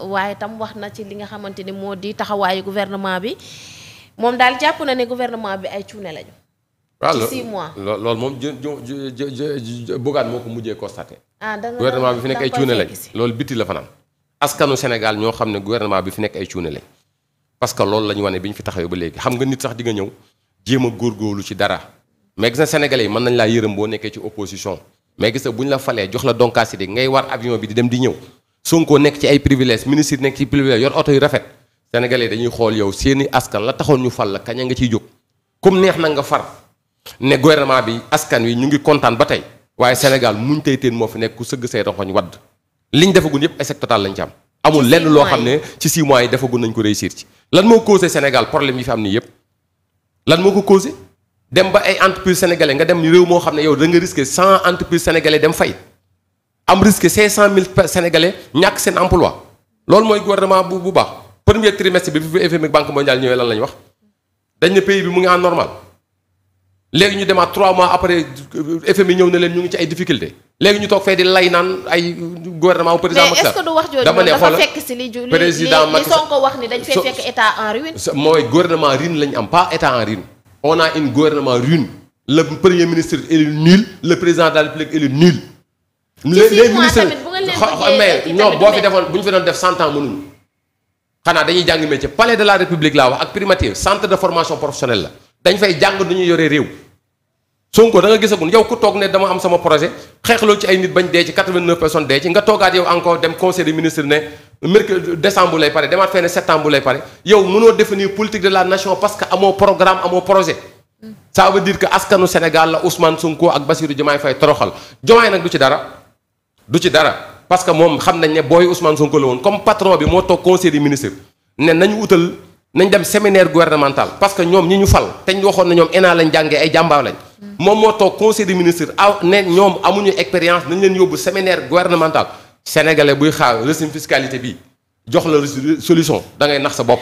waaye tam wax na ci li nga xamante ni moo di taxawaayu gouvernement bi moom daal jàpp na ne gouvernement bi ay cuune lañu. ci six mois waaw moom jë jë Bougane moo ko mujjee constaté. ah da nga gouvernement bi fi nekk ay cuune lañ loolu bitti la fanaan askanu Sénégal ñoo xam ne gouvernement bi fi nekk ay cuune lañ parce que loolu la ñu wane bi ñu fi taxawee ba léegi xam nga nit sax di nga ñëw jéem a góorgóorlu ci dara mais gis na Sénégalais yi mën nañ laa yërëm boo nekkee ci opposition mais gis na bu ñu la falee jox la donkaasi ngay war avion bi di dem di ñëw Sonko nekk ci ay privilèges ministre nekk ci privilèges yor oto yu rafet sénégalais dañuy xool yow seeni askan la taxoon ñu fal la kaña nga ciy jóg. comme neex na nga far ne gouvernement bi askan wi ñu ngi kontaan ba tey waaye Sénégal muñ tey teen moo fi nekk ku sëgg say rongoñ wadd liñ defagul yëpp échec total lañ ci amul lenn loo xam ne ci 6 mois yi defagul nañ ko réussir ci. lan moo causé Sénégal problème yi fi am nii yëpp lan moo ko causé dem ba ay entreprise sénégalais nga dem réew moo xam ne yow da nga risqué 100 entreprise sénégalais dem fay. am risque 500000 sénégalais ñàkk seen emploi loolu mooy gouvernement bu bu baax premier trimestre bi bi FMI banque mondiale ñëwee lan la ñu wax dañ ne pays bi mu ngi en normal léegi ñu demaat 3 mois après FMI ñëw na leen ñu ngi ci ay difficultés léegi ñu toog fee di lay naan ay gouvernement président Macky Sall mais est-ce que du wax jooju dama ne xoolal dafa fekk si li ju président Macky Sall li Sonko wax ni dañ fee fekk état en ruine. mooy gouvernement ruine lañ am pas état en ruine. on a une gouvernement ruine le premier ministre est nul le président de la République est nul. les ministres mais ñoom boo fi defoon bu ñu fi doon def cent ans mënuñu xanaa dañuy jàng métier palais de la république laa wax ak primature centre de formation professionnelle la dañ fay jàng du ñu yore réew Sonko da nga gisagul yow ku toog ne dama am sama projet xeexloo ci ay nit bañ dee ci 89 personnes dee ci nga toogaat yow encore dem conseil des ministres ne mercredi décembre lay pare demaat fenn septembre lay pare yow mënoo définir politique de la nation parce que amoo programme amoo projet. ça veut dire que askanu Sénégal la Ousmane Sonko ak Bassirou Diomaye Faye toroxal Diomaye nag du ci dara. du ci dara parce que moom xam nañ ne booy Ousmane Sonko la woon comme patron bi moo toog conseil des ministres ne nañu utal nañ dem séminaire gouvernemental parce que ñoom ñi ñu fal te ñu waxoon na ñoom ENA lañ jàngee ay jàmbaar lañ. moom moo toog conseil des ministres aw ne ñoom amuñu expérience nañ leen yóbbu séminaire gouvernemental sénégalais buy xaar régime fiscalité bi jox la solution da ngay nax sa bopp.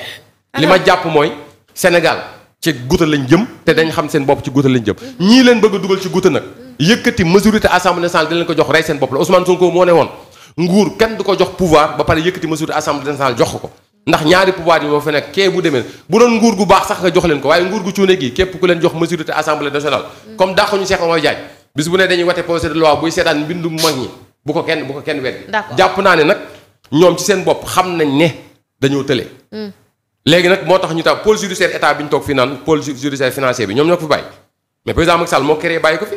li ma jàpp mooy Sénégal ci guuta lañ jëm te dañ xam seen bopp ci guuta lañ jëm ñii leen bëgg dugal ci guuta nag. yëkkati majorité assemblée nationale di ko jox rey seen bopp la Ousmane Sonko moo ne woon nguur kenn du ko jox pouvoir ba pare yëkkati majorité assemblée nationale jox ko ndax ñaari pouvoir yi moo fa kee bu demee bu doon nguur gu baax sax nga jox leen ko waaye nguur gu cuune gi képp ku leen jox majorité assemblée nationale mm. comme dàqu ñu Cheikh Omar Diagne bis bu ne dañuy wate projet de loi buy seetaan mbindum mag ñi bu ko kenn bu ko kenn weddi naa ne nag ñoom seen bopp xam nañ ne dañoo tële mm. léegi moo tax ñu tax pôle judiciaire état bi ñu toog fi naan pôle judiciaire financier ñoo ko fi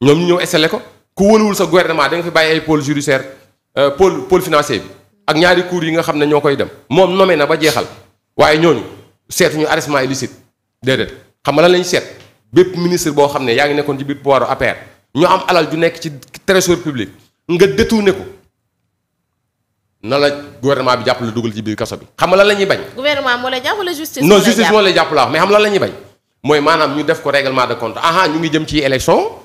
ñoom ñu ñëw installé ko ku wëluwul sa gouvernement danga fi bàyyi ay pôle judiciaire euh, pôle pôle financier bi ak ñaari cours yi nga xam ne ñoo koy dem moom nommé na ba jeexal waaye ñooñu seetuñu arrêtement illicite déedéet xam nga lan lañu seet bépp ministre boo xam ne yaa ngi nekkoon ci biir pouvoiru APR ñu am alal ju nekk ci trésor public nga détourné ko na la gouvernement bi jàpp la dugal ci biir kaso bi. xam nga lan la ñuy bañ. gouvernement moo lay jàpp wala justice. moo lay jàpp la wax mais xam lan mooy maanaam ñu def ko règlement de compte ñu ngi jëm ci élection.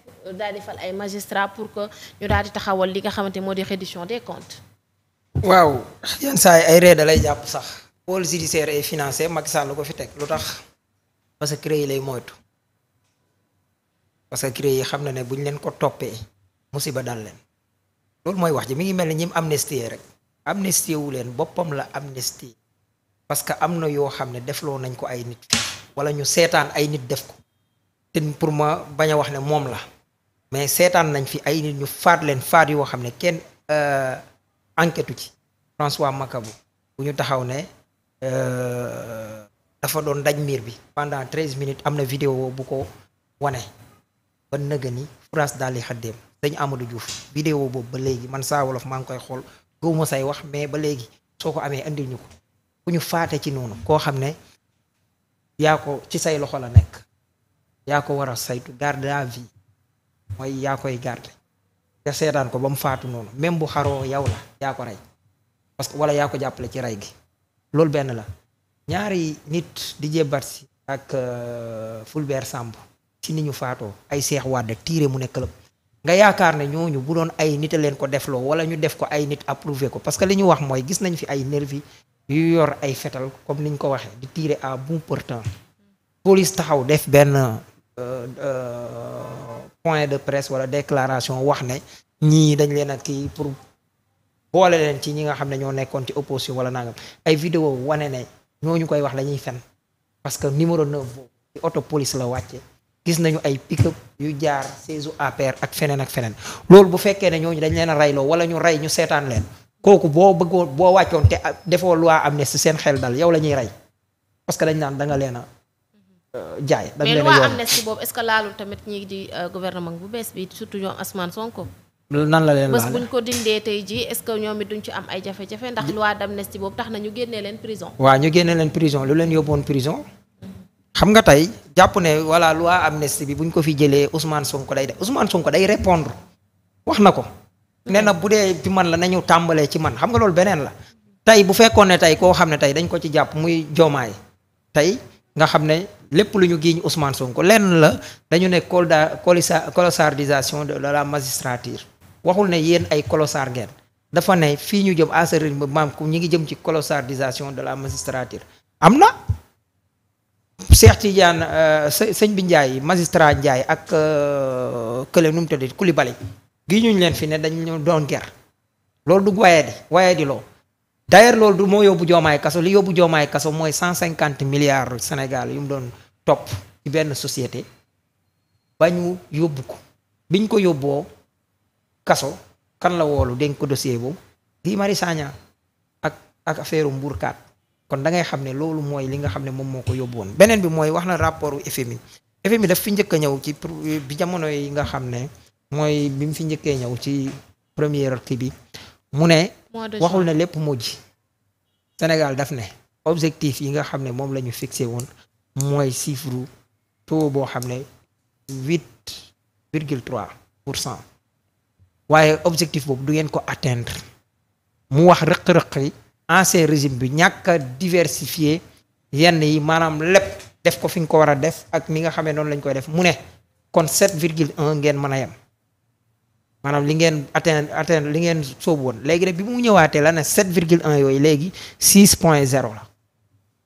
daal di fal ay magistrat pour que ñu daal di taxawal li nga xamante moo di reddition des comptes. waaw yenn saa ay ree da lay jàpp sax. pôle judiciaire et financier Macky Sall ko fi teg lu tax parce que CREI lay moytu parce que CREI yi xam na ne bu ñu leen ko toppee musiba dal leen loolu mooy wax ji mi ngi mel ni ñim amnistie rek amnistie wu leen boppam la amnistie parce que am na yoo xam ne defloo nañ ko ay nit wala ñu seetaan ay nit def ko te pour ma bañ a wax ne moom la. mais seetaan nañ fi ay nit ñu faat leen faat yoo xam ne kenn euh, enquête ci François Makabu bu ñu taxaw ne euh, dafa doon daj miir bi pendant treize minutes am na vidéo bu ko wane ba nëga ni France daal di xaddeem sëñ Amadou juuf vidéo boobu ba léegi man saa wolof maa ngi koy xool gëwuma say wax mais ba léegi soo ko amee indil ñu ko ku ñu faate ci noonu koo xam ne yaa ko ci say loxo la nekk yaa ko war a saytu garde à vue mooy yaa koy garder nga seetaan ko ba mu faatu noonu même bu xaroo yow la yaa ko rey parce que wala yaa ko jàppale ci rey gi loolu benn la ñaari nit di jébbat si ak euh, Fulbert Samb ci ni ñu faatoo ay Seex Wàdd tiire mu ne club nga yaakaar ne ñooñu bu doon ay nit a leen ko defloo wala ñu def ko ay nit approuvé ko parce que li ñu wax mooy gis nañ fi ay nervi yu yor ay fetal comme ni niñ ko waxee di tiire à bout portant police taxaw def benn Euh, euh, point de presse wala déclaration wax ne ñii dañ leen a kii pour boole leen ci ñi nga xam ne ñoo nekkoon ci opposition wala nangam ay vidéo wane ne ñu koy wax dañuy fen parce que numéro 9 boobu ci auto police la wàcce gis nañu ay pick yu jaar saison APR ak feneen ak feneen loolu bu fekkee ne ñooñu dañ leen a reyloo wala ñu rey ñu seetaan leen kooku boo bëggoon boo wàccoon te defoo ne si seen xel dal yow la ñuy rey parce que dañ naan da Euh, jaay. mais loi amnistie boobu est-ce que laalul tamit ñi di euh, gouvernement bu bees bi surtout ñoom Ousmane Sonko. nan leen laale bés bu ko dindee tey jii est-ce que ñoom it duñ ci am ay jafe-jafe ndax loi d'amnistie boobu tax na ñu génnee leen prison. waaw ñu génnee leen prison lu leen yóbboon prison. xam nga tey jàpp ne voilà am amnistie bi bu ñu ko fi jëlee Ousmane Sonko day def Ousmane Sonko day répondre wax na ko. nee nag bu dee bi man la ñu tàmbalee ci man xam nga loolu beneen la. tey bu fekkoon ne tey koo xam ne tey dañ ko ci jàpp muy joomaay tey nga xam ne lépp lu ñu gii ñu giiñ Ousmane ko lenn la dañu ne colda colossardisation de la magistrature waxul ne yéen ay colossard ngeen dafa ne fii ñu jëm à ce rythme maam ku ñu ngi jëm ci colossardisation de la magistrature am na Cheikh Tidiane euh, sëñ bi Ndiaye magistrat Ndiaye ak euh, kële nu mu tëddee Coulibaly gii ñu leen fi ne dañu doon ger loolu du waye di waye di loo d'ailleurs loolu du moo yóbbu joomaay kaso li yóbbu joomaay kaso mooy cent cinquante milliards Sénégal yu mu doon topp ci benn société ba ñu yóbbu ko biñ ko yóbboo kaso kan la woolu dénk ko dossier boobu Guy Marius Sagna ak ak affaire mbuurkaat kon da ngay xam ne loolu mooy li nga xam ne moom moo ko yóbbu woon beneen bi mooy wax na rapport FMI FMI daf fi njëkk a ñëw ci bi jamono nga xam ne mooy bi fi njëkkee ñëw ci première kii bi mu ne waxul ne lépp moo ji Sénégal daf ne objectif yi nga xam ne moom la ñu fixé woon mooy chiffre taux boo xam ne huit virgule pour cent waaye objectif boobu du ngeen ko atteindre mu wax rëq-rëq yi ancien régime bi ñàkk a diversifier yenn yi maanaam lépp def ko fi nga ko war a def ak ni nga xamee noonu lañ koy def mu ne kon sept virgule un ngeen mën a yem maanaam li ngeen atteindre atteindre li ngeen sóobu woon léegi nag bi mu ñëwaatee la ne sept virgule un yooyu léegi six point zéro la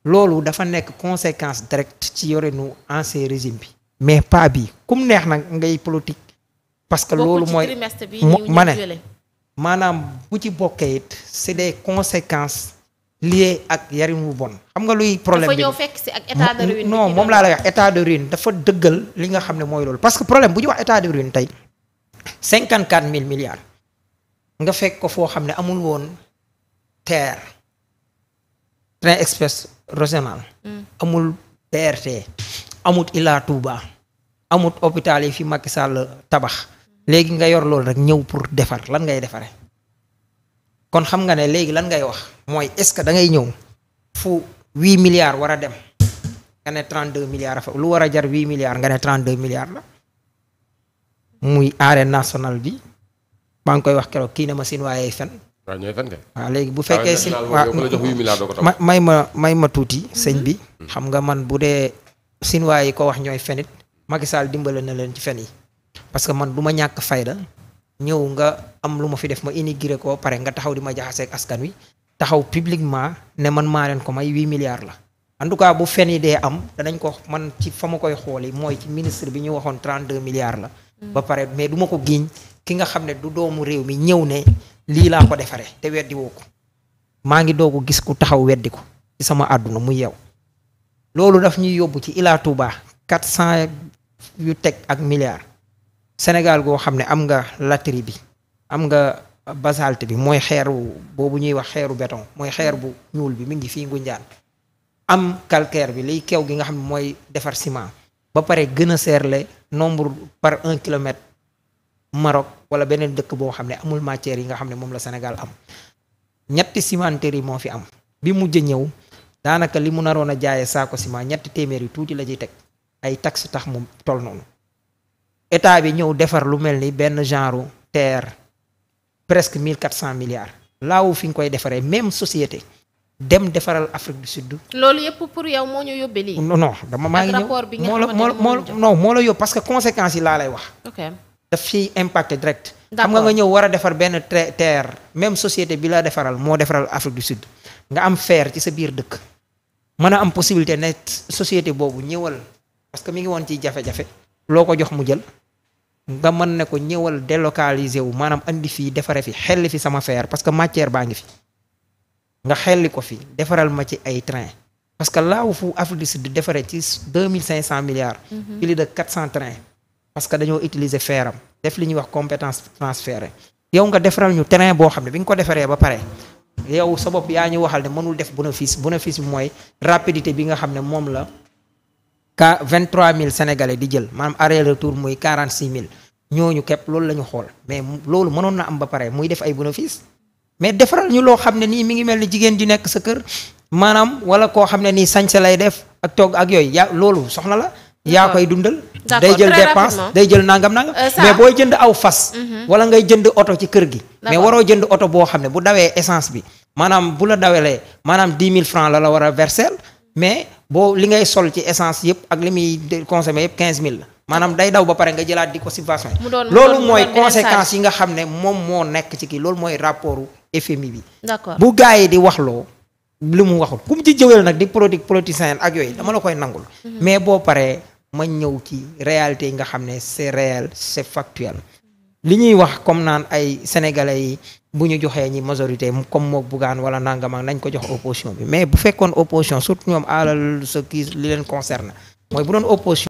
loolu dafa nekk conséquence directe ci yorenu ancien régime bi mais pas bi kum neex na ngay politique parce que loolu mooy ma ne maanaam bu ci bokkee it c'est des conséquence liées ak yarin wu bon xam nga luy problème bi non moom laa lay wax état de ruine dafa dëggal li nga xam ne mooy loolu parce que problème bu ñu wax état de ruine tey cinquante quatre mille milliards nga fekk ko foo xam ne amul woon terre train express Rosemar mm. amul PRT amut Ila Touba amut hôpital yi fi Macky Sall tabax léegi nga yor loolu rek ñëw pour defar lan ngay defare kon xam nga ne léegi lan ngay wax mooy est-ce que da ngay ñëw fu huit milliards war a dem nga ne trente deux milliards lu war a jar huit milliards nga ne trente deux milliards la muy arène nationale bi maa ngi koy wax keroog kii ne ma sin waaye fen waaw ñooy fen kay. waaw léegi bu fekkee si waaw may ma may ma tuuti mhm. sëñ bi. Mhm. xam nga man bu dee Sinwaa yi ko wax ñooy fenit it Macky dimbale na leen ci fen yi parce que man du ma ñàkk fayda ñëw nga am lu ma fi def ma inigiré ko pare nga taxaw di ma jaxaseeg askan wi taxaw publiquement ne man maa leen ko may huit milliards la. en tout cas bu fen yi dee am danañ ko man ci fa ma koy xooli mooy ci ministre bi ñu waxoon trente deux milliards la. Mm. ba pare mais du ma ko giiñ ki nga xam ne du doomu réew mi ñëw ne. lii laa ko defaree te weddi woo ko maa ngi ko gis ku taxaw weddi ko ci sama àdduna mu yeew loolu daf ñuy yóbbu ci Ila Touba quatre cent yu teg ak milliard Sénégal goo xam ne am nga latri bi am nga basalte bi mooy xeeru boobu ñuy wax xeeru béton mooy xeer bu ñuul bi mi ngi fii Ngunjaan am calcaire bi liy kew gi nga xam ne mooy defar ciment ba pare gën a seerle nombre par un kilomètre Maroc wala beneen dëkk boo xam ne amul matière yi nga xam ne moom la Sénégal am ñetti cimenterie yi moo fi am bi mujj ñëw daanaka li mu naroon a jaayee saako ciment ñetti téeméer yu tuuti la ciy teg ay taxe tax mu toll noonu état bi ñëw defar lu mel ni benn genre terre presque mille quatre cent milliards laawu fi nga koy defaree même société dem defaral Afrique du Sud. loolu yëpp pour yow moo ñu yóbbee lii. no no dama maa ngi ñëw bi moo la moo non moo la yóbbu parce que conséquences yi laa lay wax. daf ciy impact direct. xam nga nga ñëw war a defar benn terre même société bi la defaral moo defaral Afrique du Sud nga am fer ci sa biir dëkk mën a am possibilité ne société boobu ñëwal parce que mi ngi woon ci jafe-jafe loo ko jox mu jël nga mën ne ko ñëwal délocaliser wu maanaam indi fii defare fi xelli fi sama fer parce que matière baa ngi fi nga xelli ko fi defaral ma ci ay train parce que laaw fu Afrique du Sud defaree ci deux mille cinq cent milliards. Mm-hmm. plus de parce que dañoo utiliser feeram def li ñuy wax compétence transférée yow nga defaral ñu terrain boo xam ne bi nga ko defaree ba pare yow sa bopp yaa ñu waxal ne mënul def bénéfice bénéfice bi mooy rapidité bi nga xam ne moom la ka 23000 sénégalais di jël maanaam aller retour muy mille ñooñu képp loolu la ñu xool mais loolu mënoon na am ba pare muy def ay bénéfice mais defaral ñu loo xam ne nii mi ngi mel ni jigéen ji nekk sa kër maanaam wala koo xam ne nii sañse lay def ak togg ak yooyu yaa loolu soxna la yaa koy dundal day jël dépense day jël nangam nangam euh, mais booy jënd aw fas mhm. wala ngay jënd oto ci kër gi mais waroo jënd oto boo xam ne bu dawee essence bi maanaam bu la dawalee maanaam dix mille francs la la war a verser mais boo li ngay sol ci essence yëpp ak li muy consommer yëpp quinze mille maanaam day daw ba pare nga jëlaat di ko subvention yi loolu mooy conséquence yi nga xam ne moom moo nekk ci kii loolu mooy rapportu FMI bi bu gars yi di wax loo lu mu waxul ku mu ci jëwel nag di politique politicien ak yooyu dama la koy nangul mhm. mais boo paree ma ñëw ci réalité yi nga xam ne c'est réel c'est factuel li ñuy wax comme naan ay sénégalais yi bu ñu joxee ñi majorité comme mook bugaan wala nangam nañ ko jox opposition bi mais bu fekkoon opposition surtout ñoom alal ce qui li leen concerne mooy bu doon opposition